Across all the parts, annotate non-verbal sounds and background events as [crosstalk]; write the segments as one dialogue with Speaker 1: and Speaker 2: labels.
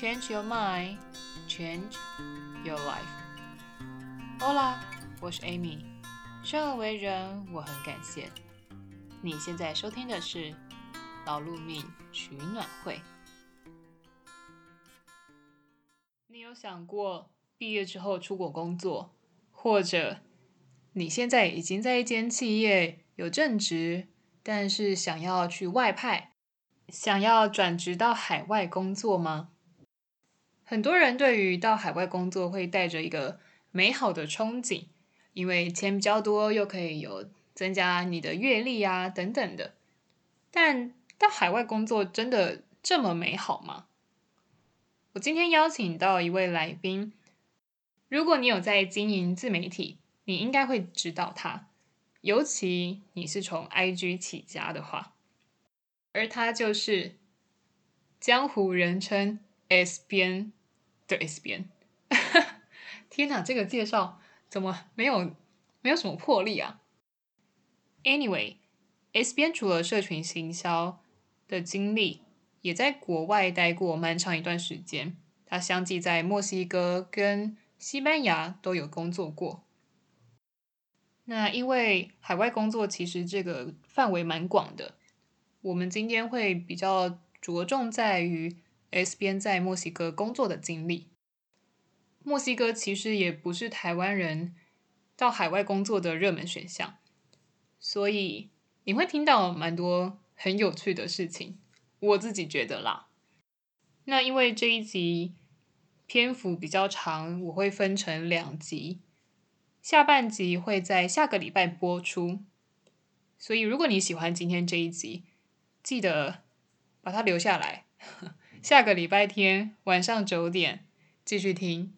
Speaker 1: Change your mind, change your life. Hola，我是 Amy。生而為人，我很感謝。你現在收聽的是勞碌命取暖會。你有想過畢業之後出國工作，或者你現在已經在一間企業有正職，但是想要去外派，想要轉職到海外工作嗎？很多人對於到海外工作會帶着一個美好的憧憬，因為錢比較多，又可以有增加你的閱歷啊等等的。但到海外工作真的這麼美好嗎？我今天邀請到一位來賓，如果你有在經營自媒體，你應該會知道他，尤其你是從 IG 起家的話，而他就是江湖人稱 S 編。對 S 編， [laughs] 天哪、啊，這個介紹怎麼沒有沒有什麼魄力啊？Anyway，S 編除了社群行銷的經歷，也在國外待過蠻長一段時間。他相繼在墨西哥跟西班牙都有工作過。那因為海外工作其實這個範圍蠻廣的，我們今天會比較着重在於。S 編在墨西哥工作的經歷。墨西哥其實也不是台灣人到海外工作的熱門選項，所以你會聽到蠻多很有趣的事情，我自己覺得啦。那因為這一集篇幅比較長，我會分成兩集，下半集會在下個禮拜播出。所以如果你喜歡今天這一集，記得把它留下來。下個禮拜天晚上九點繼續聽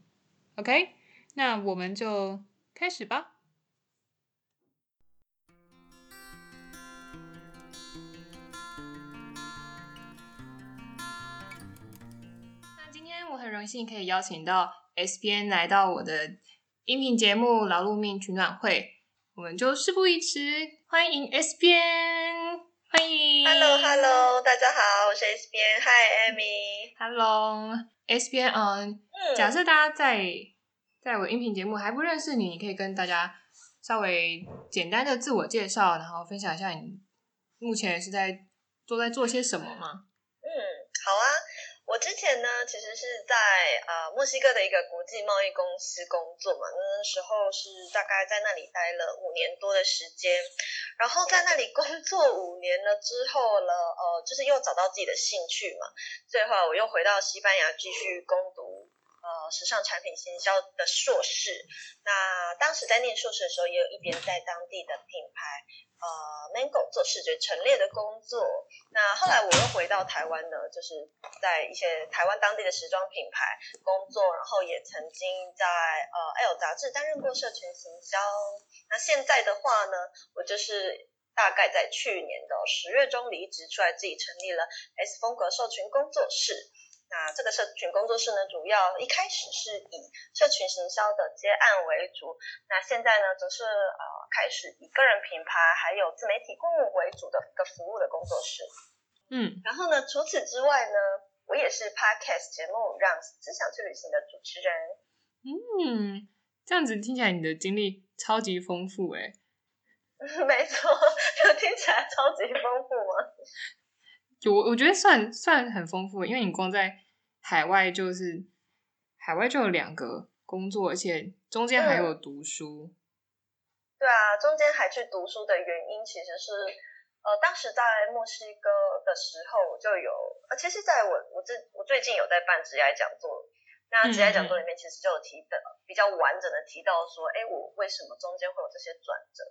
Speaker 1: ，OK？那我們就開始吧。那今天我很榮幸可以邀請到 S 編來到我的音頻節目《勞碌命取暖會》，我們就事不宜遲，歡迎 S 編。歡迎，Hello Hello，大家好，我是 S 編，Hi Amy，Hello S 編，on, 嗯，假設大家在，在我音頻節目還不認識你，你可以跟大家稍微簡單的自我介紹，然後分享一下你目前是在都在做些什麼嗎？嗯，
Speaker 2: 好啊。我之前呢，其實是在呃墨西哥的一個國際貿易公司工作嘛，那時候是大概在那裡待了五年多的時間，然後在那裡工作五年了之後呢，呃，就是又找到自己的興趣嘛，最後我又回到西班牙繼續攻讀呃時尚產品行銷的碩士。那當時在念碩士的時候，也有一邊在當地的品牌。呃、uh，Mango 做視覺陳列的工作，那後來我又回到台灣呢，就是在一些台灣當地的時裝品牌工作，然後也曾經在呃、uh, L 雜誌擔任過社群行銷。那現在的話呢，我就是大概在去年的十月中離職出來，自己成立了 S 風格社群工作室。那這個社群工作室呢，主要一開始是以社群行銷的接案為主，那現在呢，則是呃開始以個人品牌還有自媒體顧問為主的一個服務的工作室。嗯，然後呢，除此之外呢，我也是 Podcast 節目《讓思想去旅行》的主持人。嗯，
Speaker 1: 這樣子聽起來你的經歷超級豐富哎、
Speaker 2: 欸。沒錯，就聽起來超級豐富嘛
Speaker 1: 就我我覺得算算很豐富，因為你光在海外就是海外就有兩個工作，而且中間還有讀書。嗯、
Speaker 2: 對啊，中間還去讀書的原因其實是，呃，當時在墨西哥的時候就有，其實在我我這我最近有在辦職業講座。那在講座裡面，其實就有提到比較完整的提到說，哎，我為什麼中間會有這些轉折？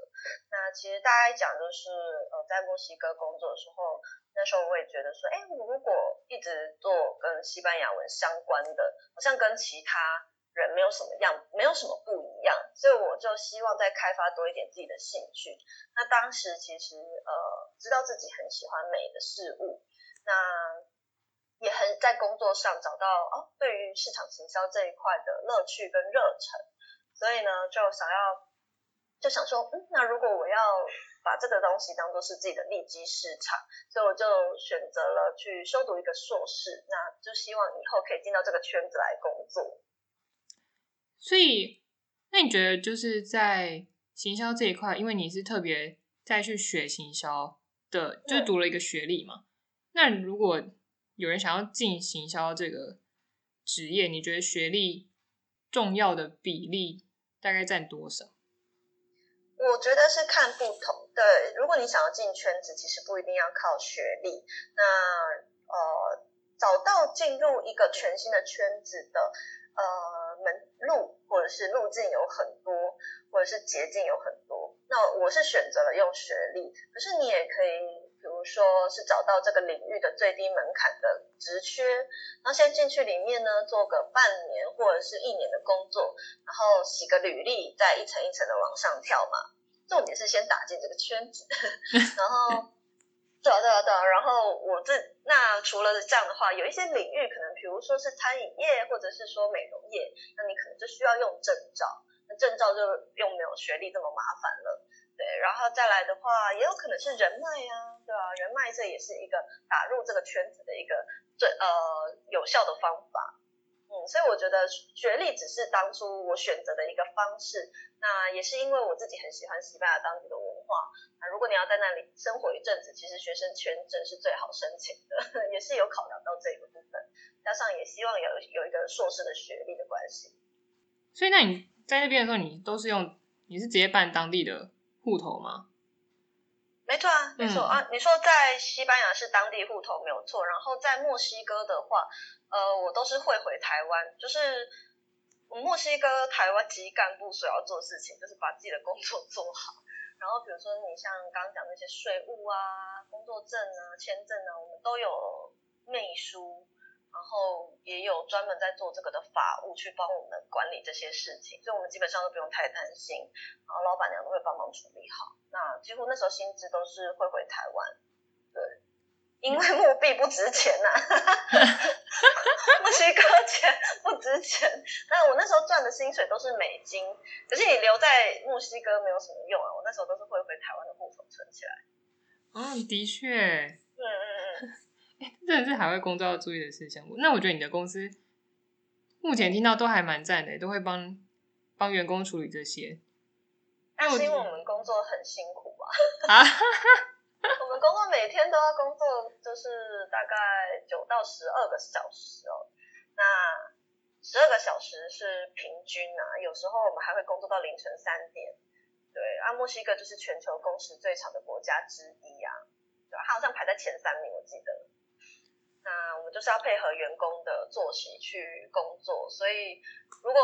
Speaker 2: 那其實大家講就是，呃，在墨西哥工作的時候，那時候我也覺得說，哎，我如果一直做跟西班牙文相關的，好像跟其他人沒有什麼樣，沒有什麼不一樣，所以我就希望再開發多一點自己的興趣。那當時其實，呃，知道自己很喜歡美的事物，那。也很在工作上找到哦對於市場行銷這一塊的樂趣跟熱忱，所以呢，就想要就想說，嗯，那如果我要把這個東西當做是自己的利基市場，所以我就選擇了去修讀一個碩士，那就希望以後可以進到這個圈子來工作。
Speaker 1: 所以，那你覺得就是在行銷這一塊，因為你是特別在去學行銷的，對就是讀了一個學歷嘛，那如果。有人想要進行銷這個職業，你覺得學歷重要的比例大概占多少？
Speaker 2: 我覺得是看不同，對，如果你想要進圈子，其實不一定要靠學歷。那呃，找到進入一個全新的圈子的呃門路或者是路徑有很多，或者是捷徑有很多。那我是選擇了用學歷，可是你也可以。比如說是找到這個領域的最低門檻的職缺，然後先進去裡面呢，做個半年或者是一年的工作，然後洗個履歷，再一層一層的往上跳嘛。重點是先打進這個圈子，然後 [laughs] 對啊、對啊、對啊、對啊，然後我這那除了這樣的話，有一些領域可能，比如說是餐飲業或者是說美容業，那你可能就需要用證照，那證照就又沒有學歷這麼麻煩了。對，然後再來的話，也有可能是人脈呀啊。對啊，人脈這也是一個打入這個圈子的一個最呃有效的方法。嗯，所以我覺得學歷只是當初我選擇的一個方式。那也是因為我自己很喜歡西班牙當地的文化。那，如果你要在那裡生活一陣子，其實學生簽證是最好申請的，也是有考量到這個部分。加上也希望有有一個碩士的學歷的關係。
Speaker 1: 所以那你在那邊的時候，你都是用，你是直接辦當地的戶頭嗎？
Speaker 2: 沒錯啊，沒錯啊，你說在西班牙是當地戶頭沒有錯，然後在墨西哥的話，呃，我都是會回台灣，就是我們墨西哥台灣籍幹部所要做事情，就是把自己的工作做好。然後比如說你像剛剛講的那些稅務啊、工作證啊、簽證啊，我們都有秘書。然後也有專門在做這個的法務去幫我們管理這些事情，所以我們基本上都不用太擔心，然後老闆娘都會幫忙處理好。那幾乎那時候薪資都是匯回台灣，對，因為墨幣不值錢吶、啊，墨 [laughs] [laughs] 西哥錢不值錢。那我那時候賺的薪水都是美金，可是你留在墨西哥沒有什麼用啊，我那時候都是匯回台灣的戶口存起來。
Speaker 1: 嗯、哦，的確。嗯嗯嗯。真的是海外工作要注意的事情。那我覺得你的公司目前聽到都還蠻讚的，都會幫幫員工處理這些。那
Speaker 2: 但是因為我們工作很辛苦吧？啊， [laughs] [laughs] 我們工作每天都要工作，就是大概九到十二個小時哦。那十二個小時是平均啊，有時候我們還會工作到凌晨三點。對啊，墨西哥就是全球工時最長的國家之一啊。對，他好像排在前三名，我記得。那我們就是要配合員工的作息去工作，所以如果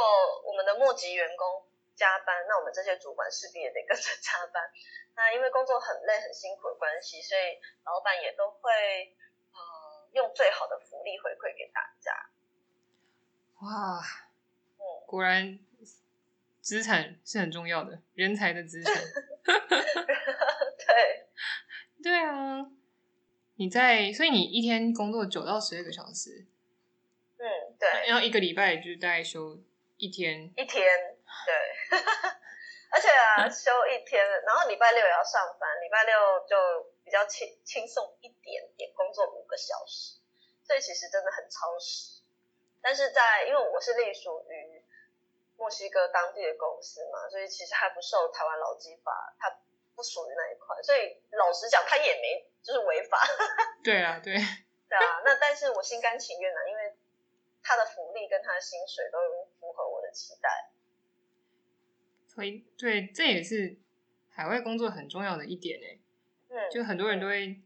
Speaker 2: 我們的末級員工加班，那我們這些主管勢必也得跟着加班。那因為工作很累很辛苦的關係，所以老闆也都會用最好的福利回饋給大家。
Speaker 1: 哇，果然資產是很重要的，人才的資產。 [laughs] 對，對啊。你在，所以你一天工作九到十二個小時，
Speaker 2: 嗯，對，然後一個
Speaker 1: 禮拜就大概休一天，
Speaker 2: 一天，對， [laughs] 而且啊，休一天，然後禮拜六也要上班，禮拜六就比較輕輕鬆一點點，工作五個小時，所以其實真的很超時，但是在因為我是隸屬於墨西哥當地的公司嘛，所以其實還不受台灣勞基法，它不屬於那一塊，所以老實講，他也沒就是違法。 [laughs] 對啊，對。 [laughs] 對啊，那但是我心甘情願啊，因為他的福利跟他的薪水都
Speaker 1: 符合我的期待。所以，對，這也是海外工作很重要的一點誒。嗯。就很多人都會，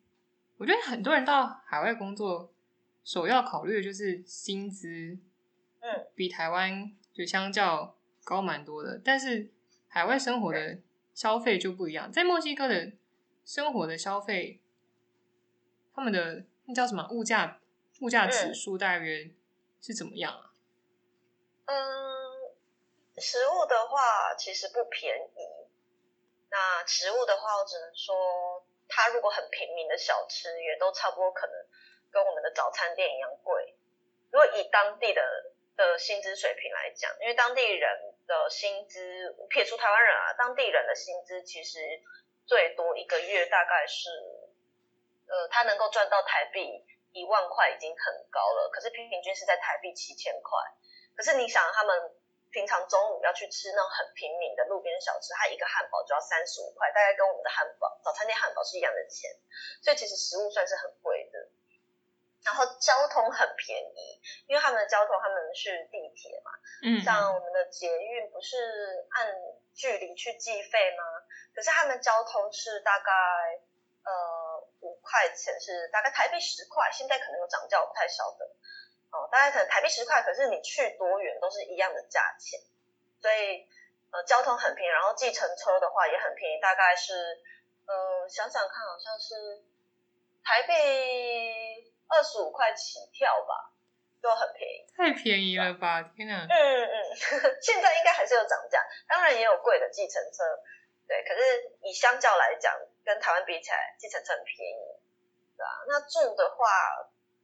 Speaker 1: 我覺得很多人到海外工作，首要考慮的就是薪資。嗯。比台灣就相較高蠻多的，但是海外生活的。消費就不一樣，在墨西哥的生活的消費，他們的那叫什麼物價？物價指數大約是怎麼樣啊？嗯，
Speaker 2: 食物的話其實不便宜。那食物的話，我只能說，他如果很平民的小吃，也都差不多，可能跟我們的早餐店一樣貴。如果以當地的的薪資水平來講，因為當地人。的薪資撇除台灣人啊，當地人的薪資其實最多一個月大概是，呃，他能夠賺到台幣一萬塊已經很高了，可是平平均是在台幣七千塊。可是你想，他們平常中午要去吃那種很平民的路邊小吃，他一個漢堡就要三十五塊，大概跟我們的漢堡早餐店漢堡是一樣的錢，所以其實食物算是很貴的。然後交通很便宜，因為他們的交通，他們是地鐵嘛，嗯、像我們的捷運不是按距離去計費嗎？可是他們交通是大概呃五塊錢是大概台幣十塊，現在可能有漲價，我不太曉得。哦、呃，大概可能台幣十塊，可是你去多遠都是一樣的價錢，所以呃交通很便宜，然後計程車的話也很便宜，大概是呃想想看好像是台幣。二十五塊起跳吧，就很便宜。
Speaker 1: 太便宜了吧，吧，天哪！嗯嗯
Speaker 2: 嗯，現在應該還是有漲價，當然也有貴的計程車，對。可是以相較來講，跟台灣比起來，計程車很便宜，對吧？那住的話，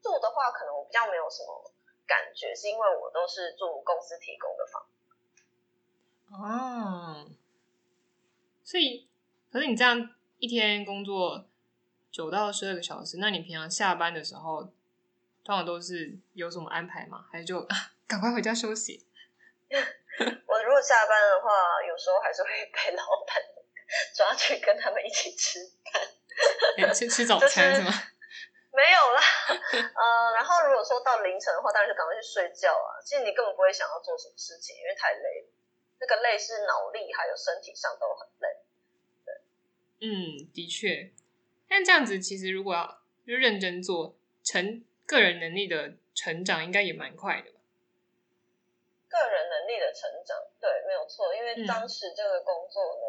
Speaker 2: 住的話可能我比較沒有什麼感覺，是因為我都是住公司提供的房。
Speaker 1: 哦。所以，可是你這樣一天工作。九到十二個小時，那你平常下班的時候，通常都是有什麼安排嗎？還是就、啊、趕快回家休息？
Speaker 2: 我如果下班的話，有時候還是會被老闆抓去跟他們一起吃飯，
Speaker 1: 先、欸、吃，吃早餐是嗎？就
Speaker 2: 是、沒有啦、呃，然後如果說到凌晨的話，當然就趕快去睡覺啊。其實你根本不會想要做什麼事情，因為太累了。那個累是腦力還有身體上都很累。
Speaker 1: 對，嗯，的確。但這樣子其實如果要認真做，成個人能力的成長應該也蠻快的吧？
Speaker 2: 個人能力的成長，對，沒有錯。因為當時這個工作呢，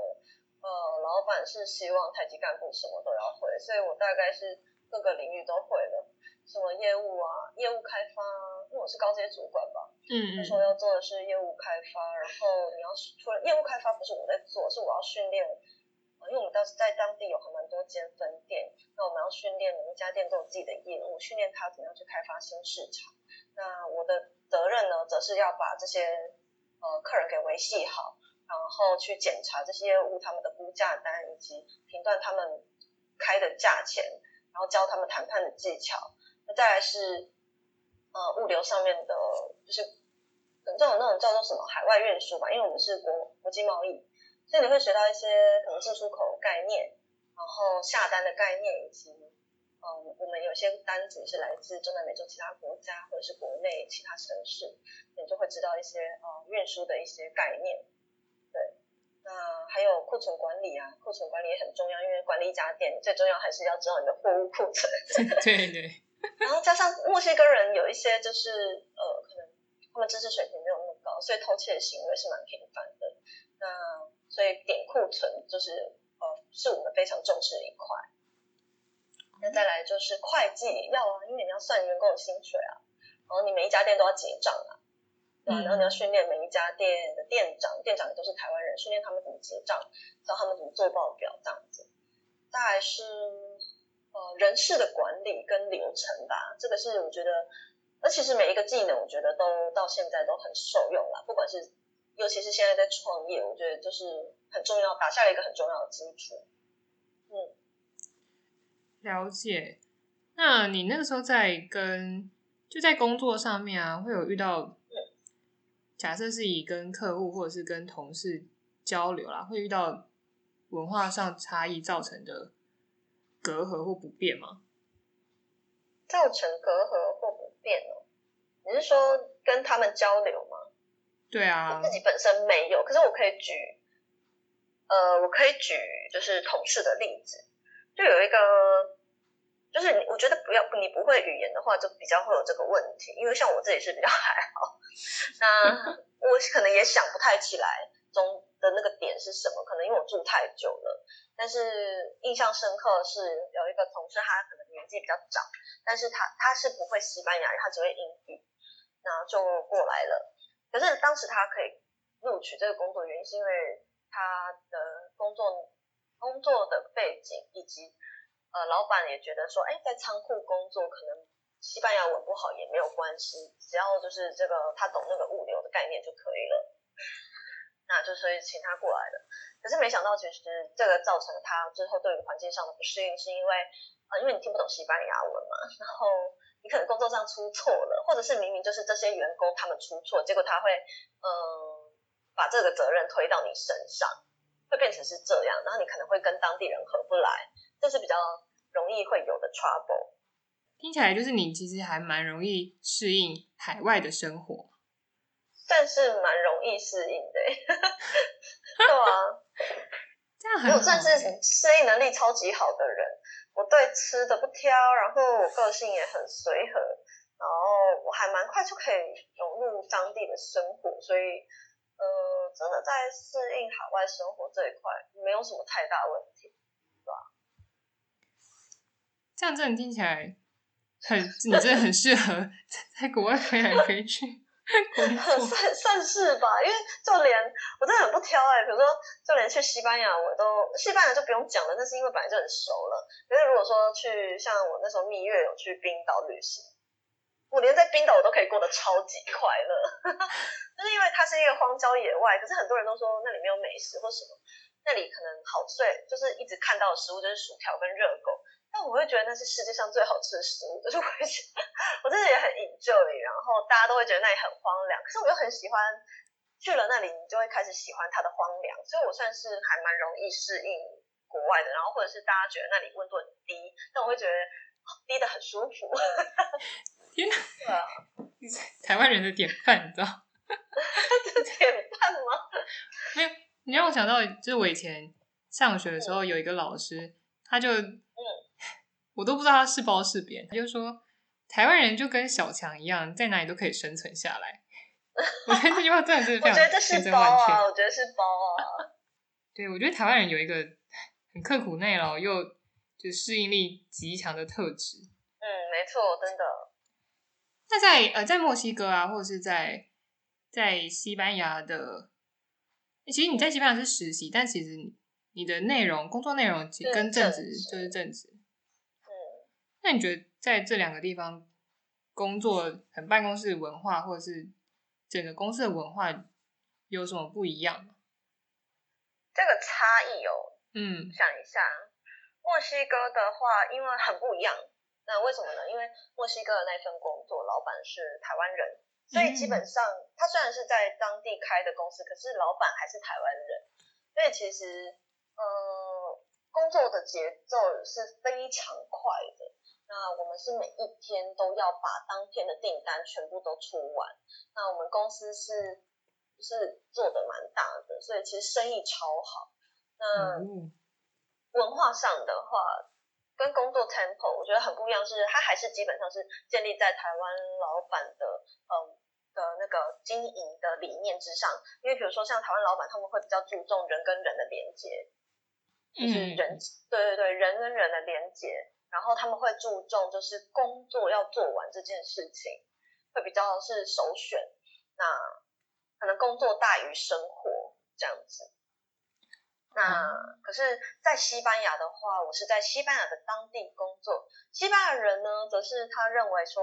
Speaker 2: 嗯、呃，老板是希望台籍幹部什麼都要會，所以我大概是各個領域都會了，什麼業務啊、業務開發啊，因為我是高階主管吧，嗯，他說要做的是業務開發，然後你要除了業務開發不是我在做，是我要訓練。因為我們當時在當地有很蠻多間分店，那我們要訓練每一家店都有自己的業務，訓練他怎樣去開發新市場。那我的責任呢，則是要把這些，呃，客人給維繫好，然後去檢查這些物，他們的估價單以及評斷他們開的價錢，然後教他們談判的技巧。那再來是呃物流上面的，就是這種那種叫做什麼海外運輸吧，因為我們是國國際貿易。所以你會學到一些可能進出口概念，然後下單的概念，以及嗯，我們有些單子是來自中南美洲其他國家或者是國內其他城市，你就會知道一些呃、嗯、運輸的一些概念，對，那還有庫存管理啊，庫存管理也很重要，因為管理一家店最重要還是要知道你的貨物庫存。
Speaker 1: 對對。然
Speaker 2: 後加上墨西哥人有一些就是呃，可能他們知識水平沒有那麼高，所以偷竊的行為是蠻頻繁的。那所以點庫存就是呃，是我們非常重視的一塊，那再來就是會計要啊，因為你要算員工的薪水啊，然後你每一家店都要結賬啊，啊，然後你要訓練每一家店的店長，嗯、店長也都是台灣人，訓練他們怎麼結賬，教他們怎麼做報表這樣子，大概是、呃、人事的管理跟流程吧，這個是我覺得，那其實每一個技能我覺得都到現在都很受用啦，不管是。尤其是現在在
Speaker 1: 創業，我覺得就是很重要，打下了一個很重要的基礎。嗯，了解。那你那個時候在跟，就在工作上面啊，會有遇到，嗯，假設是以跟客戶或者是跟同事交流啦，會遇到文化上差異造成的隔閡或不便嗎？
Speaker 2: 造成隔閡或不便哦，喔？你是說跟他們交流？
Speaker 1: 對啊，我自己
Speaker 2: 本身沒有，可是我可以舉，呃，我可以舉就是同事的例子，就有一個，就是你我覺得不要你不會語言的話，就比較會有這個問題，因為像我自己是比較還好，那我可能也想不太起來中的那個點是什麼，可能因為我住太久了，但是印象深刻是有一個同事，他可能年紀比較長，但是他他是不會西班牙語，他只會英語，然後就過來了。可是當時他可以錄取這個工作，原因是因為他的工作工作的背景以及呃，老闆也覺得說，哎，在倉庫工作，可能西班牙文不好也沒有關係，只要就是這個他懂那個物流的概念就可以了，那就所以請他過來了。可是沒想到，其實這個造成他最後對於環境上的不適應，是因為啊，因為你聽不懂西班牙文嘛，然後。你可能工作上出錯了，或者是明明就是這些員工他們出錯，結果他會嗯、呃、把這個責任推到你身上，會變成是這樣，然後你可能會跟當地人合不來，這是比較容易會有的 trouble。
Speaker 1: 聽起來就是你其實還蠻容易適應海外的生活，
Speaker 2: 算是蠻容易適應的、欸。 [laughs] 對啊， [laughs] 這樣很好、欸、算是適應能力超級好的人。我對吃的不挑，然後我個性也很隨和，然後我還蠻快就可以融入當地的生活，所以，呃，真的在適應海外生活這一塊沒有什麼太大問題，是吧？
Speaker 1: 這樣，這你聽起來，很，你真的很適合 [laughs] 在，在國外飛來飛去。 [laughs]
Speaker 2: 算算是吧，因為就連我真的很不挑哎、欸，比如說就連去西班牙，我都西班牙就不用講了，那是因為本來就很熟了。可是如果說去像我那時候蜜月有去冰島旅行，我連在冰島我都可以過得超級快樂， [laughs] 就是因為它是一個荒郊野外。可是很多人都說那裡沒有美食或什麼，那裡可能好睡、欸，就是一直看到的食物就是薯條跟熱狗。但我會覺得那是世界上最好吃的食物，就是我，我真的也很 enjoy 你，然後大家都會覺得那裡很荒涼，可是我又很喜歡去了那裡，你就會開始喜歡它的荒涼。所以我算是還蠻容易適應國外的。然後或者是大家覺得那裡溫度很低，但我會覺得低得很舒服。天哪！
Speaker 1: 啊、台灣人的典範，你知道嗎？是 [laughs] 典範嗎？沒有，你讓我想到就是我以前上學的時候有一個老師，嗯、他就。嗯。我都不知道他是包是別他就是、說台灣人就跟小強一樣，在哪裡都可以生存下來。 [laughs] 我覺得這句話真的是非常千真萬確。我覺
Speaker 2: 得是包啊。
Speaker 1: [laughs] 對，我覺得台灣人有一個很刻苦耐勞又就適應力極強的特質。嗯，
Speaker 2: 沒錯，真的。
Speaker 1: 那在呃，在墨西哥啊，或者是在在西班牙的，其實你在西班牙是實習，但其實你你的內容工作內容，其實跟正職就是正職。那你覺得在這兩個地方工作，很辦公室文化，或者是整個公司的文化有什麼不一樣？
Speaker 2: 這個差異哦、喔，嗯，想一下，墨西哥的話，因為很不一樣。那為什麼呢？因為墨西哥的那份工作，老板是台灣人，所以基本上、嗯、他雖然是在當地開的公司，可是老板還是台灣人。所以其實，嗯、呃，工作的節奏是非常快的。那我們是每一天都要把當天的訂單全部都出完。那我們公司是是做的蠻大的，所以其實生意超好。那文化上的話，跟工作 tempo 我覺得很不一樣是，是它還是基本上是建立在台灣老闆的嗯、呃、的那個經營的理念之上，因為比如說像台灣老闆，他們會比較注重人跟人的連接，就是人、嗯、對對對，人跟人的連接。然後他們會注重就是工作要做完這件事情，會比較是首選。那可能工作大於生活這樣子。那可是，在西班牙的話，我是在西班牙的當地工作。西班牙人呢，則是他認為說，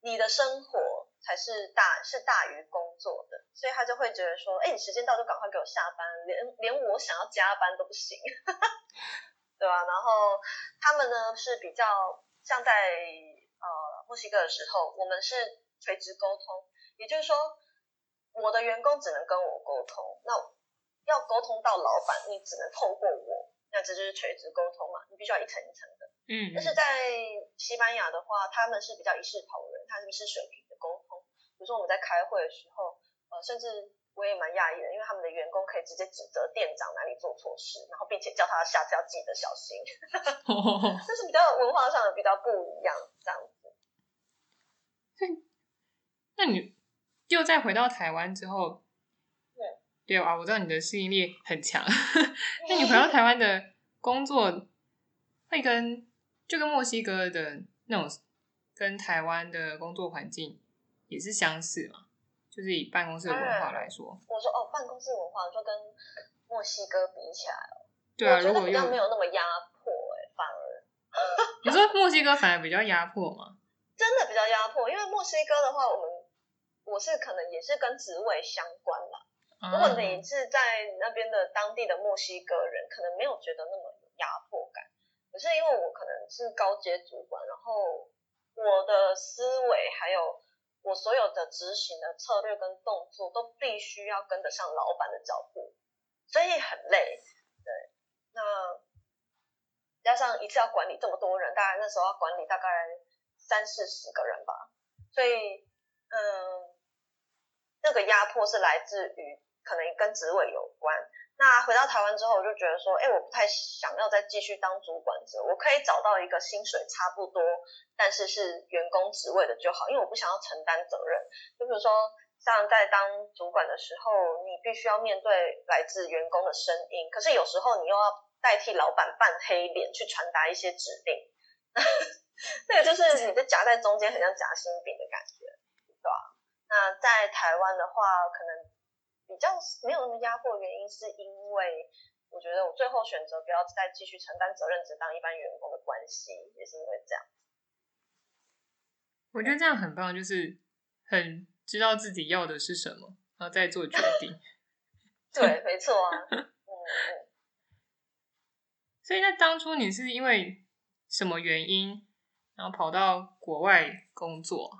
Speaker 2: 你的生活才是大是大於工作的，所以他就會覺得說，誒，你時間到就趕快給我下班，連連我想要加班都不行。 [laughs] 對吧、啊？然後他們呢是比較像在呃墨西哥的時候，我們是垂直溝通，也就是說我的員工只能跟我溝通，那要溝通到老板，你只能透過我，那這就是垂直溝通嘛，你必須要一層一層的。嗯。但是在西班牙的話，他們是比較一視同仁，他是一是水平的溝通。比如說我們在開會的時候，呃，甚至。我也蠻訝異的，因為他們的員工可以直接指責店長哪裡做錯事，然後並且叫他下次要記得小心， [laughs] oh. 這是比較文化上的比較不一樣
Speaker 1: 這樣子。那你又再回到台灣之後，mm. 對啊，我知道你的適應力很強。 [laughs] 那你回到台灣的工作，會跟，就跟墨西哥的那種跟台灣的工作環境也是相似嘛？就是以辦公室文化來說，嗯嗯、我
Speaker 2: 說哦，辦公室文化就跟墨西哥比起來哦，對啊，我
Speaker 1: 覺得比較沒有
Speaker 2: 那麼壓迫，反而，
Speaker 1: 嗯、你說墨西哥反而比較壓迫嗎？
Speaker 2: [laughs] 真的比較壓迫，因為墨西哥的話，我們我是可能也是跟職位相關嘛。
Speaker 1: 嗯、如果你是
Speaker 2: 在那邊的當地的墨西哥人，可能沒有覺得那麼有壓迫感。可是因為我可能是高階主管，然後我的思維還有。我所有的執行的策略跟動作都必須要跟得上老闆的腳步，所以很累。對，那加上一次要管理這麼多人，大概那時候要管理大概三四十個人吧，所以嗯、呃，那個壓迫是來自於可能跟職位有關。那回到台灣之後，我就覺得說，哎、欸，我不太想要再繼續當主管者，我可以找到一個薪水差不多，但是是員工職位的就好，因為我不想要承擔責任。就比如說，像在當主管的時候，你必須要面對來自員工的聲音，可是有時候你又要代替老闆扮黑臉去傳達一些指令，那 [laughs] 也就是你的夾在中間，很像夾心餅的感覺，對吧？啊。那在台灣的話，可能。比較沒有那麼壓迫的原因，是因為我覺得我最後選擇不要再繼續承擔責任，只當一般員工的關係，也是因為這樣。
Speaker 1: 我覺得這樣很棒，就是很知道自己要的是什麼，然後再做決定。
Speaker 2: [laughs] 對，沒錯啊。 [laughs] 嗯
Speaker 1: 嗯。所以那當初你是因為什麼原因，然後跑到國外工作？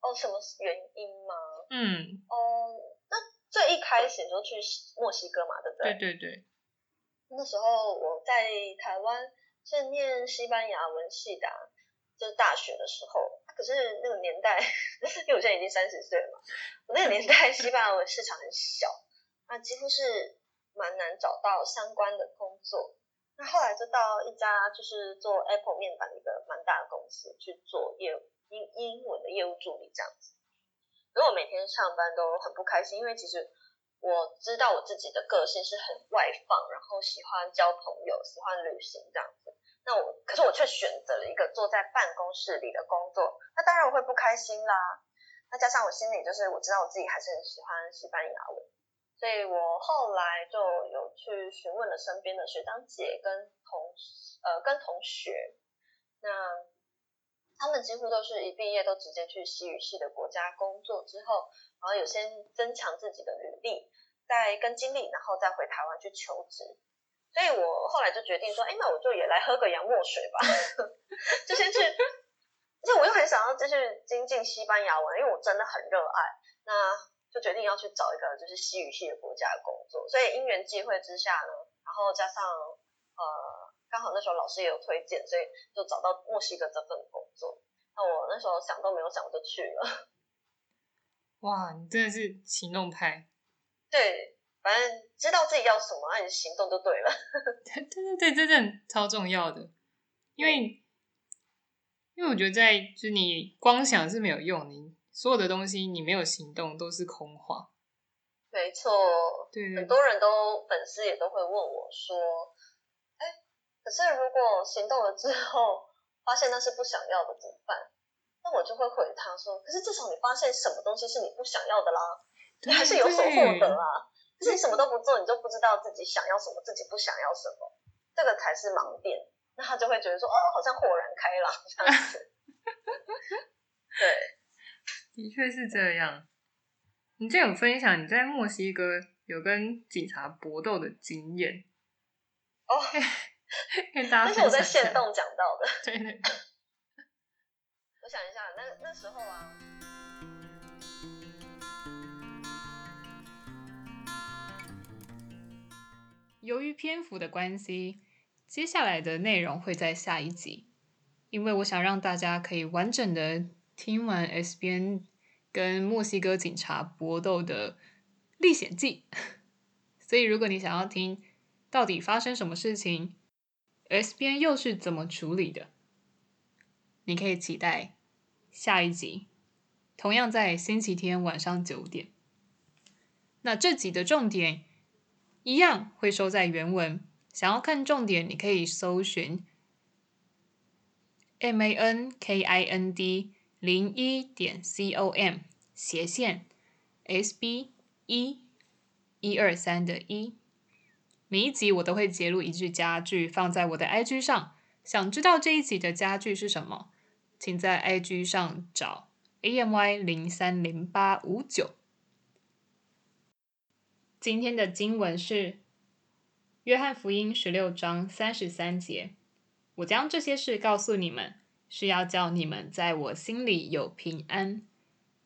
Speaker 1: 哦，什麼原
Speaker 2: 因嗎？嗯。哦。這一開始你就去墨西哥嘛，對不對？對對對。那時候我在台灣是念西班牙文系的，就是大學的時候。可是那個年代，因為我現在已經三十歲了嘛，我那個年代西班牙文市場很小，那、 [laughs] 啊、幾乎是蠻難找到相關的工作。那後來就到一家就是做 Apple 面板的一個蠻大的公司去做業務英英文的業務助理這樣子。如果每天上班都很不開心，因為其實我知道我自己的個性是很外放，然後喜歡交朋友，喜歡旅行這樣子。那我，可是我卻選擇了一個坐在辦公室裡的工作，那當然我會不開心啦。那加上我心裡就是我知道我自己還是很喜歡西班牙文，所以我後來就有去詢問了身邊的學長姐跟同呃跟同學，那。他們幾乎都是一畢業都直接去西語系的國家工作，之後，然後有先增強自己的履歷，再跟經歷，然後再回台灣去求職。所以我後來就決定說，哎、欸，那我就也來喝個洋墨水吧， [laughs] 就先去，而且我又很想要繼續精進西班牙文，因為我真的很熱愛，那就決定要去找一個就是西語系的國家工作。所以因緣際會之下呢，然後加上呃。剛好那時候老師也有推薦，所以就找到墨西哥這份工作。那我那時候想都沒有想，我就去了。
Speaker 1: 哇，你真的是行動派。
Speaker 2: 對，反正知道自己要什麼，你行動就對了。
Speaker 1: 對對對，真的超重要的，因為對因為我覺得在就是、你光想是沒有用，你所有的東西你沒有行動都是空話。
Speaker 2: 沒錯錯，對很多人都粉絲也都會問我說。可是，如果行動了之後發現那是不想要的怎麼辦？那我就會回他說：“可是至少你發現什麼東西是你不想要的啦，你還是有所獲得啦。對可是你什麼都不做，你就不知道自己想要什麼，自己不想要什麼，這個才是盲點。那他就會覺得說：哦，好像豁然開朗這樣子。”
Speaker 1: [laughs] 對，的確是這樣。你這有分享，你在墨西哥有跟警察搏鬥的經驗
Speaker 2: 哦。Oh, [laughs] 跟大家，那是我在限動講到的。對對對我想一下，那那
Speaker 1: 時候啊，由於篇幅的關係，接下來的內容會在下一集，因為我想讓大家可以完整的聽完 S 編跟墨西哥警察搏鬥的歷險記。所以，如果你想要聽到底發生什麼事情，S 編又是怎麼處理的？你可以期待下一集，同樣在星期天晚上九點。那這集的重點一樣會收在原文，想要看重點，你可以搜尋 mankind 零一點 com 斜線 s b 一一二三的一。每一集我都會節錄一句佳句，放在我的 IG 上，想知道這一集的佳句是什麼？請在 IG 上找 Amy 零三零八五九。今天的經文是《約翰福音》十六章三十三節。我將這些事告訴你們，是要叫你們在我心裡有平安，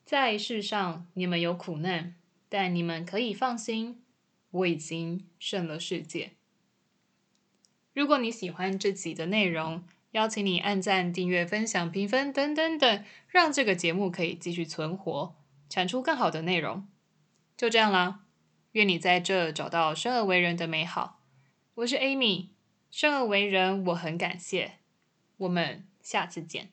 Speaker 1: 在世上你們有苦難，但你們可以放心。我已經勝了世界。如果你喜歡這集的內容，邀請你按贊、訂閱、分享、評分等等等，讓這個節目可以繼續存活，產出更好的內容。就這樣啦，願你在這找到生而為人的美好。我是 Amy，生而為人，我很感謝。我們下次見。